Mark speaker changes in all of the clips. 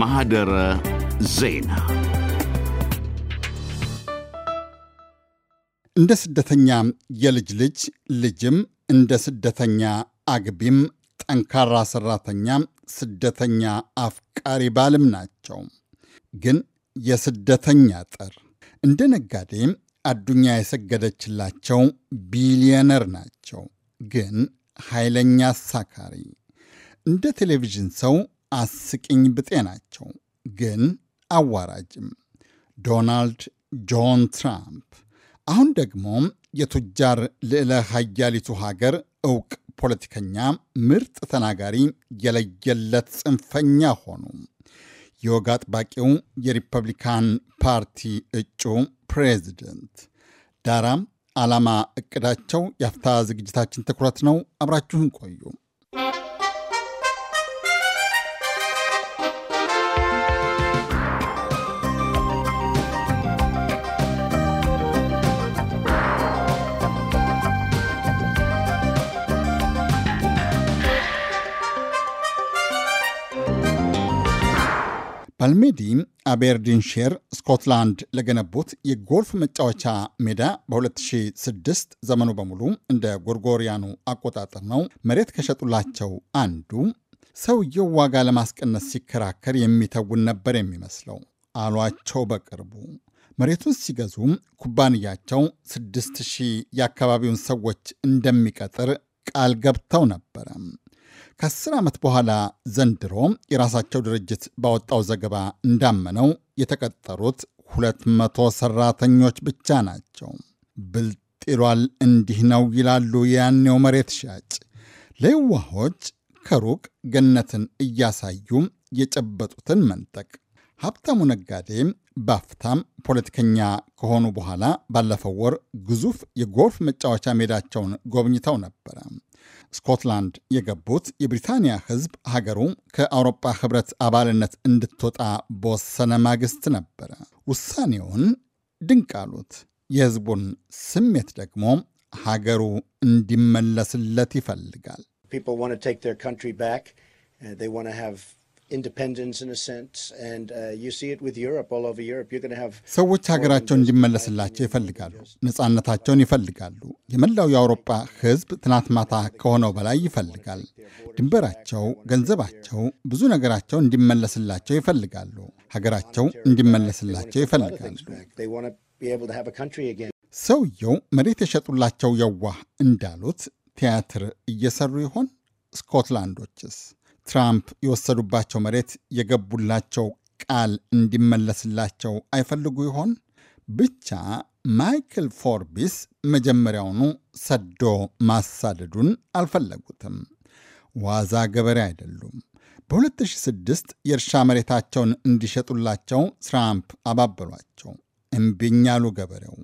Speaker 1: ማህደረ ዜና እንደ ስደተኛ የልጅ ልጅ ልጅም እንደ ስደተኛ አግቢም ጠንካራ ሰራተኛ ስደተኛ አፍቃሪ ባልም ናቸው። ግን የስደተኛ ጠር እንደ ነጋዴ አዱኛ የሰገደችላቸው ቢሊዮነር ናቸው። ግን ኃይለኛ አሳካሪ፣ እንደ ቴሌቪዥን ሰው አስቂኝ ብጤ ናቸው፣ ግን አዋራጅም። ዶናልድ ጆን ትራምፕ አሁን ደግሞ የቱጃር ልዕለ ሀያሊቱ ሀገር እውቅ ፖለቲከኛ፣ ምርጥ ተናጋሪ፣ የለየለት ጽንፈኛ ሆኑ። የወግ አጥባቂው የሪፐብሊካን ፓርቲ እጩ ፕሬዚደንት ዳራም ዓላማ፣ እቅዳቸው የአፍታ ዝግጅታችን ትኩረት ነው። አብራችሁን ቆዩ። ፓልሜዲ አቤርዲንሼር ስኮትላንድ ለገነቡት የጎልፍ መጫወቻ ሜዳ በ2006 ዘመኑ በሙሉ እንደ ጎርጎሪያኑ አቆጣጠር ነው መሬት ከሸጡላቸው አንዱ ሰውየው ዋጋ ለማስቀነስ ሲከራከር የሚተውን ነበር የሚመስለው አሏቸው በቅርቡ። መሬቱን ሲገዙ ኩባንያቸው 6000 የአካባቢውን ሰዎች እንደሚቀጥር ቃል ገብተው ነበረ። ከአስር ዓመት በኋላ ዘንድሮ የራሳቸው ድርጅት ባወጣው ዘገባ እንዳመነው የተቀጠሩት ሁለት መቶ ሠራተኞች ብቻ ናቸው። ብልጥ ይሏል እንዲህ ነው ይላሉ የያኔው መሬት ሻጭ። ለይዋሆች ከሩቅ ገነትን እያሳዩ የጨበጡትን መንጠቅ። ሀብታሙ ነጋዴ ባፍታም ፖለቲከኛ ከሆኑ በኋላ ባለፈው ወር ግዙፍ የጎልፍ መጫወቻ ሜዳቸውን ጎብኝተው ነበረ። ስኮትላንድ የገቡት የብሪታንያ ህዝብ ሀገሩ ከአውሮፓ ህብረት አባልነት እንድትወጣ በወሰነ ማግስት ነበረ። ውሳኔውን ድንቅ አሉት። የህዝቡን ስሜት ደግሞ ሀገሩ እንዲመለስለት ይፈልጋል። independence in a sense and uh, you see it with Europe all over Europe you're going to have ሰዎች ሀገራቸው እንዲመለስላቸው ይፈልጋሉ፣ ነጻነታቸውን ይፈልጋሉ። የመላው የአውሮፓ ህዝብ ትናት ማታ ከሆነው በላይ ይፈልጋል። ድንበራቸው፣ ገንዘባቸው፣ ብዙ ነገራቸው እንዲመለስላቸው ይፈልጋሉ። ሀገራቸው እንዲመለስላቸው ይፈልጋሉ። ሰውየው መሬት የሸጡላቸው የዋህ እንዳሉት ቲያትር እየሰሩ ይሆን? ስኮትላንዶችስ ትራምፕ የወሰዱባቸው መሬት የገቡላቸው ቃል እንዲመለስላቸው አይፈልጉ ይሆን? ብቻ ማይክል ፎርቢስ መጀመሪያውኑ ሰዶ ማሳደዱን አልፈለጉትም። ዋዛ ገበሬ አይደሉም። በ2006 የእርሻ መሬታቸውን እንዲሸጡላቸው ትራምፕ አባበሏቸው። እምቢኝ አሉ ገበሬው።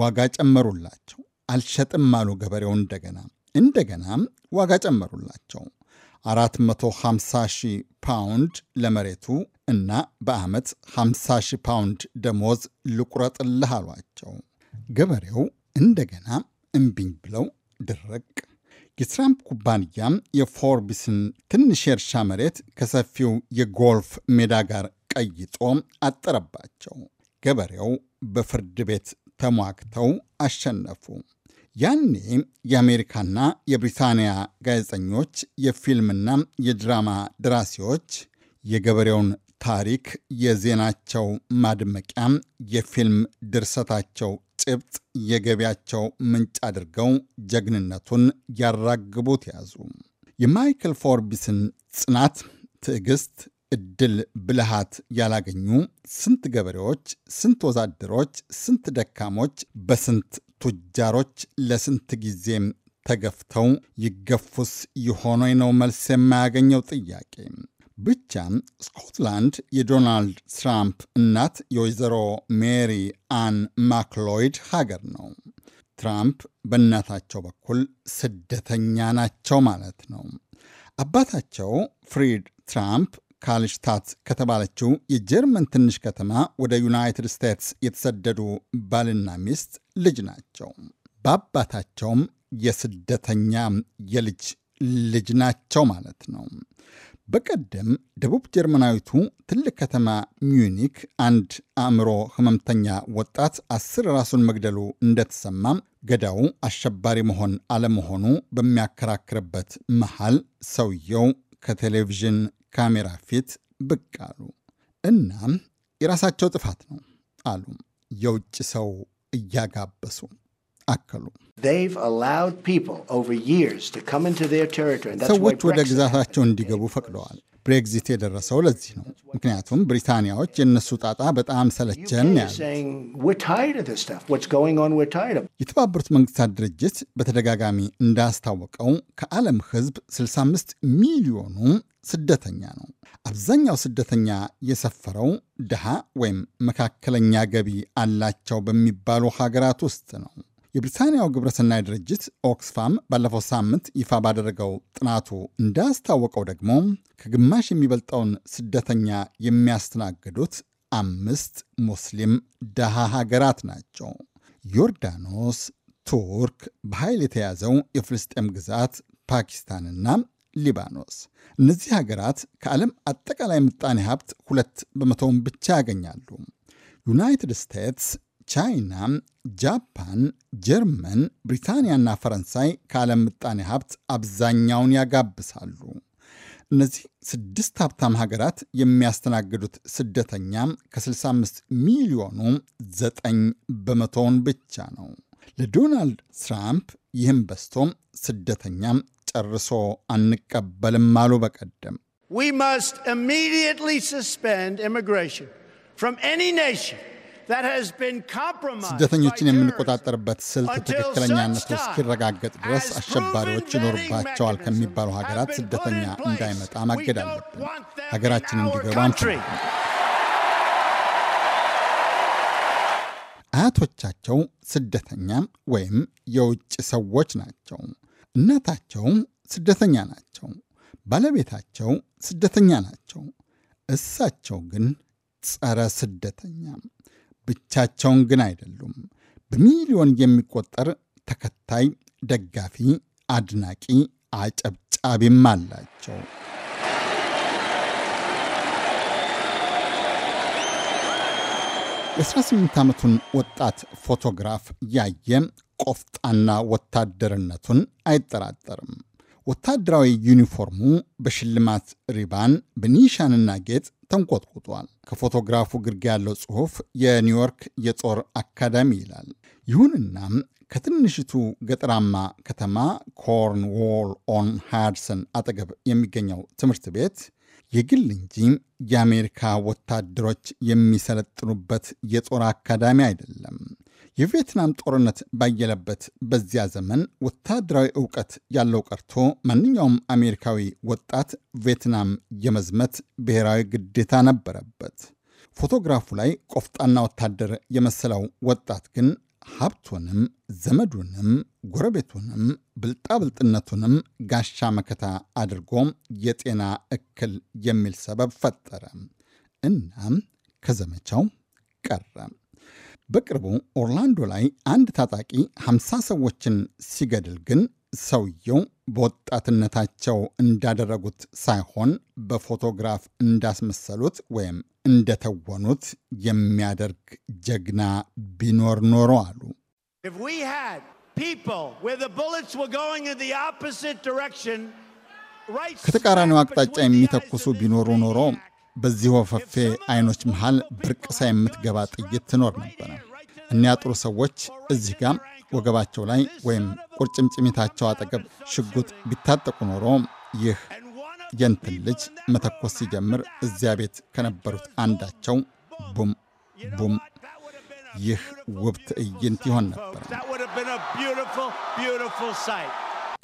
Speaker 1: ዋጋ ጨመሩላቸው። አልሸጥም አሉ ገበሬው። እንደገና እንደገናም ዋጋ ጨመሩላቸው። 450 ሺህ ፓውንድ ለመሬቱ እና በዓመት 50 ሺህ ፓውንድ ደሞዝ ልቁረጥልህ አሏቸው። ገበሬው እንደገና እምቢኝ ብለው ድረቅ! የትራምፕ ኩባንያም የፎርቢስን ትንሽ የእርሻ መሬት ከሰፊው የጎልፍ ሜዳ ጋር ቀይጦ አጠረባቸው። ገበሬው በፍርድ ቤት ተሟግተው አሸነፉ። ያኔ የአሜሪካና የብሪታንያ ጋዜጠኞች፣ የፊልምና የድራማ ደራሲዎች የገበሬውን ታሪክ የዜናቸው ማድመቂያ የፊልም ድርሰታቸው ጭብጥ የገቢያቸው ምንጭ አድርገው ጀግንነቱን ያራግቡት ያዙ። የማይክል ፎርቢስን ጽናት፣ ትዕግስት፣ እድል፣ ብልሃት ያላገኙ ስንት ገበሬዎች፣ ስንት ወዛደሮች፣ ስንት ደካሞች በስንት ቱጃሮች ለስንት ጊዜ ተገፍተው ይገፉስ ይሆኖይ ነው መልስ የማያገኘው ጥያቄ። ብቻም ስኮትላንድ የዶናልድ ትራምፕ እናት የወይዘሮ ሜሪ አን ማክሎይድ ሀገር ነው። ትራምፕ በእናታቸው በኩል ስደተኛ ናቸው ማለት ነው። አባታቸው ፍሪድ ትራምፕ ካልሽታት ከተባለችው የጀርመን ትንሽ ከተማ ወደ ዩናይትድ ስቴትስ የተሰደዱ ባልና ሚስት ልጅ ናቸው። በአባታቸውም የስደተኛ የልጅ ልጅ ናቸው ማለት ነው። በቀደም ደቡብ ጀርመናዊቱ ትልቅ ከተማ ሚዩኒክ አንድ አእምሮ ህመምተኛ ወጣት አስር ራሱን መግደሉ እንደተሰማ ገዳው አሸባሪ መሆን አለመሆኑ በሚያከራክርበት መሃል ሰውየው ከቴሌቪዥን ካሜራ ፊት ብቅ አሉ። እናም የራሳቸው ጥፋት ነው አሉ። የውጭ ሰው እያጋበሱ አከሉ። ሰዎች ወደ ግዛታቸው እንዲገቡ ፈቅደዋል። ብሬግዚት የደረሰው ለዚህ ነው። ምክንያቱም ብሪታንያዎች የእነሱ ጣጣ በጣም ሰለቸን የተባበሩት መንግስታት ድርጅት በተደጋጋሚ እንዳስታወቀው ከዓለም ሕዝብ 65 ሚሊዮኑ ስደተኛ ነው። አብዛኛው ስደተኛ የሰፈረው ድሃ ወይም መካከለኛ ገቢ አላቸው በሚባሉ ሀገራት ውስጥ ነው። የብሪታንያው ግብረሰናይ ድርጅት ኦክስፋም ባለፈው ሳምንት ይፋ ባደረገው ጥናቱ እንዳስታወቀው ደግሞ ከግማሽ የሚበልጠውን ስደተኛ የሚያስተናግዱት አምስት ሙስሊም ድሃ ሀገራት ናቸው። ዮርዳኖስ፣ ቱርክ፣ በኃይል የተያዘው የፍልስጤም ግዛት፣ ፓኪስታንና ሊባኖስ። እነዚህ ሀገራት ከዓለም አጠቃላይ ምጣኔ ሀብት ሁለት በመቶውን ብቻ ያገኛሉ። ዩናይትድ ስቴትስ፣ ቻይና፣ ጃፓን፣ ጀርመን፣ ብሪታንያና ፈረንሳይ ከዓለም ምጣኔ ሀብት አብዛኛውን ያጋብሳሉ። እነዚህ ስድስት ሀብታም ሀገራት የሚያስተናግዱት ስደተኛ ከ65 ሚሊዮኑ ዘጠኝ በመቶውን ብቻ ነው። ለዶናልድ ትራምፕ ይህም በስቶም ስደተኛም ጨርሶ አንቀበልም አሉ። በቀደም ስደተኞችን የምንቆጣጠርበት ስልት ትክክለኛነቱ እስኪረጋገጥ ድረስ አሸባሪዎች ይኖርባቸዋል ከሚባሉ ሀገራት ስደተኛ እንዳይመጣ ማገድ አለብን። ሀገራችን እንዲገባ አያቶቻቸው ስደተኛ ወይም የውጭ ሰዎች ናቸው። እናታቸው ስደተኛ ናቸው። ባለቤታቸው ስደተኛ ናቸው። እሳቸው ግን ጸረ ስደተኛ፣ ብቻቸውን ግን አይደሉም። በሚሊዮን የሚቆጠር ተከታይ፣ ደጋፊ፣ አድናቂ፣ አጨብጫቢም አላቸው። የ18 ዓመቱን ወጣት ፎቶግራፍ ያየ ቆፍጣና ወታደርነቱን አይጠራጠርም። ወታደራዊ ዩኒፎርሙ በሽልማት ሪባን በኒሻንና ጌጥ ተንቆጥቁጧል። ከፎቶግራፉ ግርጌ ያለው ጽሑፍ የኒውዮርክ የጦር አካዳሚ ይላል። ይሁንና ከትንሽቱ ገጠራማ ከተማ ኮርንዎል ኦን ሃድሰን አጠገብ የሚገኘው ትምህርት ቤት የግል እንጂ የአሜሪካ ወታደሮች የሚሰለጥኑበት የጦር አካዳሚ አይደለም። የቪየትናም ጦርነት ባየለበት በዚያ ዘመን ወታደራዊ እውቀት ያለው ቀርቶ ማንኛውም አሜሪካዊ ወጣት ቪየትናም የመዝመት ብሔራዊ ግዴታ ነበረበት። ፎቶግራፉ ላይ ቆፍጣና ወታደር የመሰለው ወጣት ግን ሀብቱንም ዘመዱንም ጎረቤቱንም ብልጣብልጥነቱንም ጋሻ መከታ አድርጎ የጤና እክል የሚል ሰበብ ፈጠረ። እናም ከዘመቻው ቀረም? በቅርቡ ኦርላንዶ ላይ አንድ ታጣቂ 50 ሰዎችን ሲገድል ግን ሰውየው በወጣትነታቸው እንዳደረጉት ሳይሆን በፎቶግራፍ እንዳስመሰሉት ወይም እንደተወኑት የሚያደርግ ጀግና ቢኖር ኖሮ አሉ። ከተቃራኒው አቅጣጫ የሚተኩሱ ቢኖሩ ኖሮ በዚህ ወፈፌ አይኖች መሃል ብርቅሳ የምትገባ ጥይት ትኖር ነበረ። እኒያ ጥሩ ሰዎች እዚህ ጋር ወገባቸው ላይ ወይም ቁርጭምጭሚታቸው አጠገብ ሽጉጥ ቢታጠቁ ኖሮ ይህ የንትን ልጅ መተኮስ ሲጀምር እዚያ ቤት ከነበሩት አንዳቸው ቡም ቡም ይህ ውብ ትዕይንት ይሆን ነበር።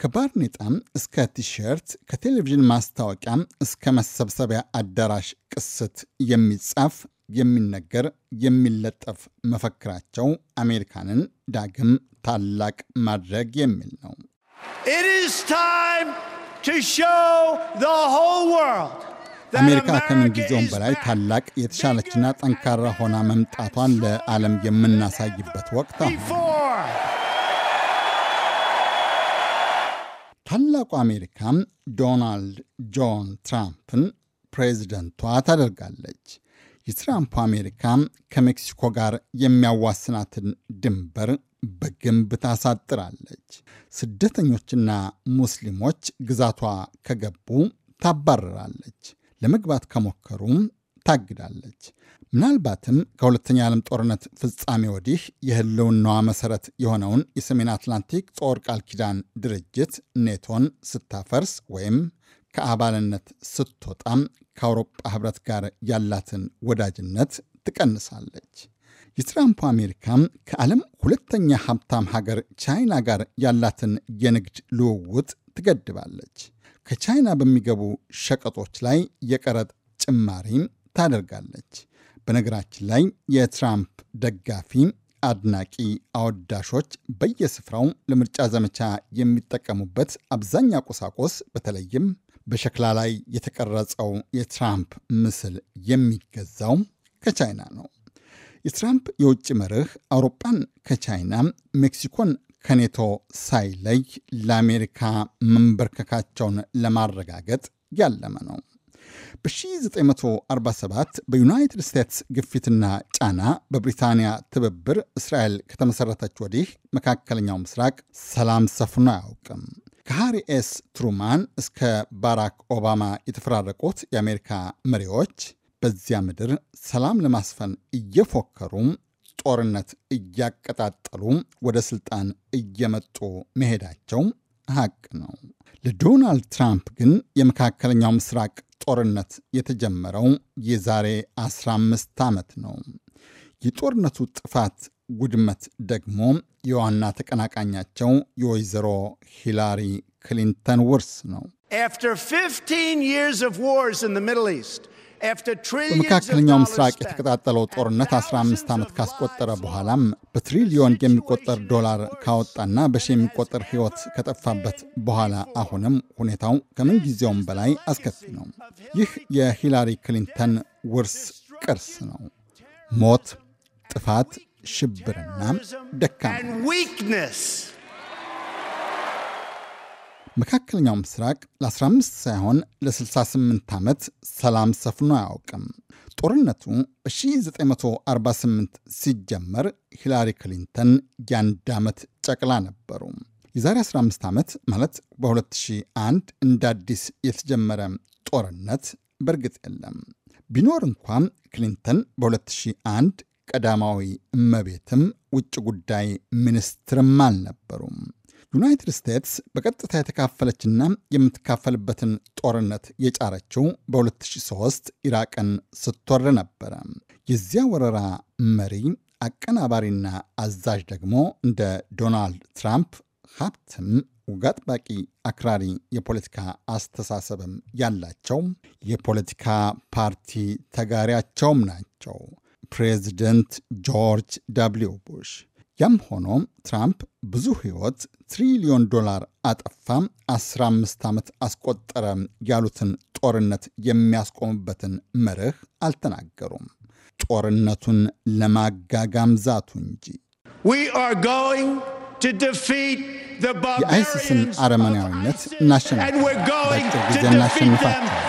Speaker 1: ከባርኔጣም እስከ ቲሸርት ከቴሌቪዥን ማስታወቂያ እስከ መሰብሰቢያ አዳራሽ ቅስት የሚጻፍ የሚነገር የሚለጠፍ መፈክራቸው አሜሪካንን ዳግም ታላቅ ማድረግ የሚል ነው። አሜሪካ ከምንጊዜውም በላይ ታላቅ የተሻለችና ጠንካራ ሆና መምጣቷን ለዓለም የምናሳይበት ወቅት አሁን ታላቁ አሜሪካ ዶናልድ ጆን ትራምፕን ፕሬዚደንቷ ታደርጋለች። የትራምፕ አሜሪካ ከሜክሲኮ ጋር የሚያዋስናትን ድንበር በግንብ ታሳጥራለች። ስደተኞችና ሙስሊሞች ግዛቷ ከገቡ ታባረራለች። ለመግባት ከሞከሩም ታግዳለች። ምናልባትም ከሁለተኛ ዓለም ጦርነት ፍጻሜ ወዲህ የህልውናዋ መሰረት የሆነውን የሰሜን አትላንቲክ ጦር ቃል ኪዳን ድርጅት ኔቶን ስታፈርስ ወይም ከአባልነት ስትወጣም ከአውሮጳ ህብረት ጋር ያላትን ወዳጅነት ትቀንሳለች። የትራምፑ አሜሪካም ከዓለም ሁለተኛ ሀብታም ሀገር ቻይና ጋር ያላትን የንግድ ልውውጥ ትገድባለች። ከቻይና በሚገቡ ሸቀጦች ላይ የቀረጥ ጭማሪም ታደርጋለች። በነገራችን ላይ የትራምፕ ደጋፊ አድናቂ አወዳሾች በየስፍራው ለምርጫ ዘመቻ የሚጠቀሙበት አብዛኛ ቁሳቁስ በተለይም በሸክላ ላይ የተቀረጸው የትራምፕ ምስል የሚገዛው ከቻይና ነው። የትራምፕ የውጭ መርህ አውሮፓን ከቻይና ሜክሲኮን ከኔቶ ሳይለይ ለአሜሪካ መንበርከካቸውን ለማረጋገጥ ያለመ ነው። በ1947 በዩናይትድ ስቴትስ ግፊትና ጫና በብሪታንያ ትብብር እስራኤል ከተመሠረተች ወዲህ መካከለኛው ምስራቅ ሰላም ሰፍኖ አያውቅም። ከሃሪ ኤስ ትሩማን እስከ ባራክ ኦባማ የተፈራረቁት የአሜሪካ መሪዎች በዚያ ምድር ሰላም ለማስፈን እየፎከሩ ጦርነት እያቀጣጠሉ ወደ ሥልጣን እየመጡ መሄዳቸው ሀቅ ነው። ለዶናልድ ትራምፕ ግን የመካከለኛው ምስራቅ ጦርነት የተጀመረው የዛሬ 15 ዓመት ነው። የጦርነቱ ጥፋት ውድመት ደግሞ የዋና ተቀናቃኛቸው የወይዘሮ ሂላሪ ክሊንተን ውርስ ነው። After 15 years of wars in the Middle East, በመካከለኛው ምስራቅ የተቀጣጠለው ጦርነት 15 ዓመት ካስቆጠረ በኋላም በትሪሊዮን የሚቆጠር ዶላር ካወጣና በሺ የሚቆጠር ሕይወት ከጠፋበት በኋላ አሁንም ሁኔታው ከምንጊዜውም በላይ አስከፊ ነው። ይህ የሂላሪ ክሊንተን ውርስ ቅርስ ነው። ሞት፣ ጥፋት፣ ሽብርና ደካማ መካከለኛው ምስራቅ ለ15 ሳይሆን ለ68 ዓመት ሰላም ሰፍኖ አያውቅም። ጦርነቱ በ1948 ሲጀመር ሂላሪ ክሊንተን የአንድ ዓመት ጨቅላ ነበሩ። የዛሬ 15 ዓመት ማለት በ2001 እንደ አዲስ የተጀመረ ጦርነት በእርግጥ የለም። ቢኖር እንኳን ክሊንተን በ2001 ቀዳማዊ እመቤትም ውጭ ጉዳይ ሚኒስትርም አልነበሩም። ዩናይትድ ስቴትስ በቀጥታ የተካፈለችና የምትካፈልበትን ጦርነት የጫረችው በ2003 ኢራቅን ስትወር ነበረ። የዚያ ወረራ መሪ አቀናባሪና አዛዥ ደግሞ እንደ ዶናልድ ትራምፕ ሀብትም ውግ አጥባቂ አክራሪ የፖለቲካ አስተሳሰብም ያላቸው የፖለቲካ ፓርቲ ተጋሪያቸውም ናቸው። ፕሬዚደንት ጆርጅ ደብልዩ ቡሽ ያም ሆኖም ትራምፕ ብዙ ሕይወት ትሪሊዮን ዶላር አጠፋ፣ 15 ዓመት አስቆጠረ ያሉትን ጦርነት የሚያስቆምበትን መርህ አልተናገሩም። ጦርነቱን ለማጋጋም ዛቱ እንጂ የአይሲስን አረመናዊነት እናሸንፋለን፣ በአጭር ጊዜ እናሸንፋለን።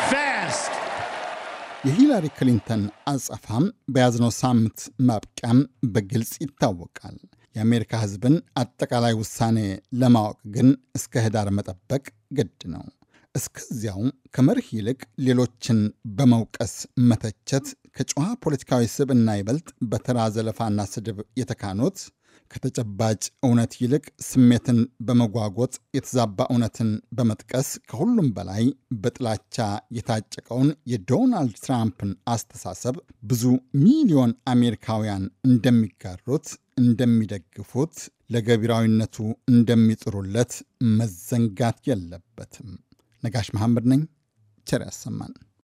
Speaker 1: የሂላሪ ክሊንተን አጸፋም በያዝነው ሳምንት ማብቂያም በግልጽ ይታወቃል። የአሜሪካ ሕዝብን አጠቃላይ ውሳኔ ለማወቅ ግን እስከ ህዳር መጠበቅ ግድ ነው። እስከዚያው ከመርህ ይልቅ ሌሎችን በመውቀስ መተቸት ከጨዋ ፖለቲካዊ ስብዕና ይበልጥ በተራ ዘለፋና ስድብ የተካኑት ከተጨባጭ እውነት ይልቅ ስሜትን በመጓጎጥ የተዛባ እውነትን በመጥቀስ ከሁሉም በላይ በጥላቻ የታጨቀውን የዶናልድ ትራምፕን አስተሳሰብ ብዙ ሚሊዮን አሜሪካውያን እንደሚጋሩት፣ እንደሚደግፉት፣ ለገቢራዊነቱ እንደሚጥሩለት መዘንጋት የለበትም። ነጋሽ መሐመድ ነኝ። ቸር ያሰማን።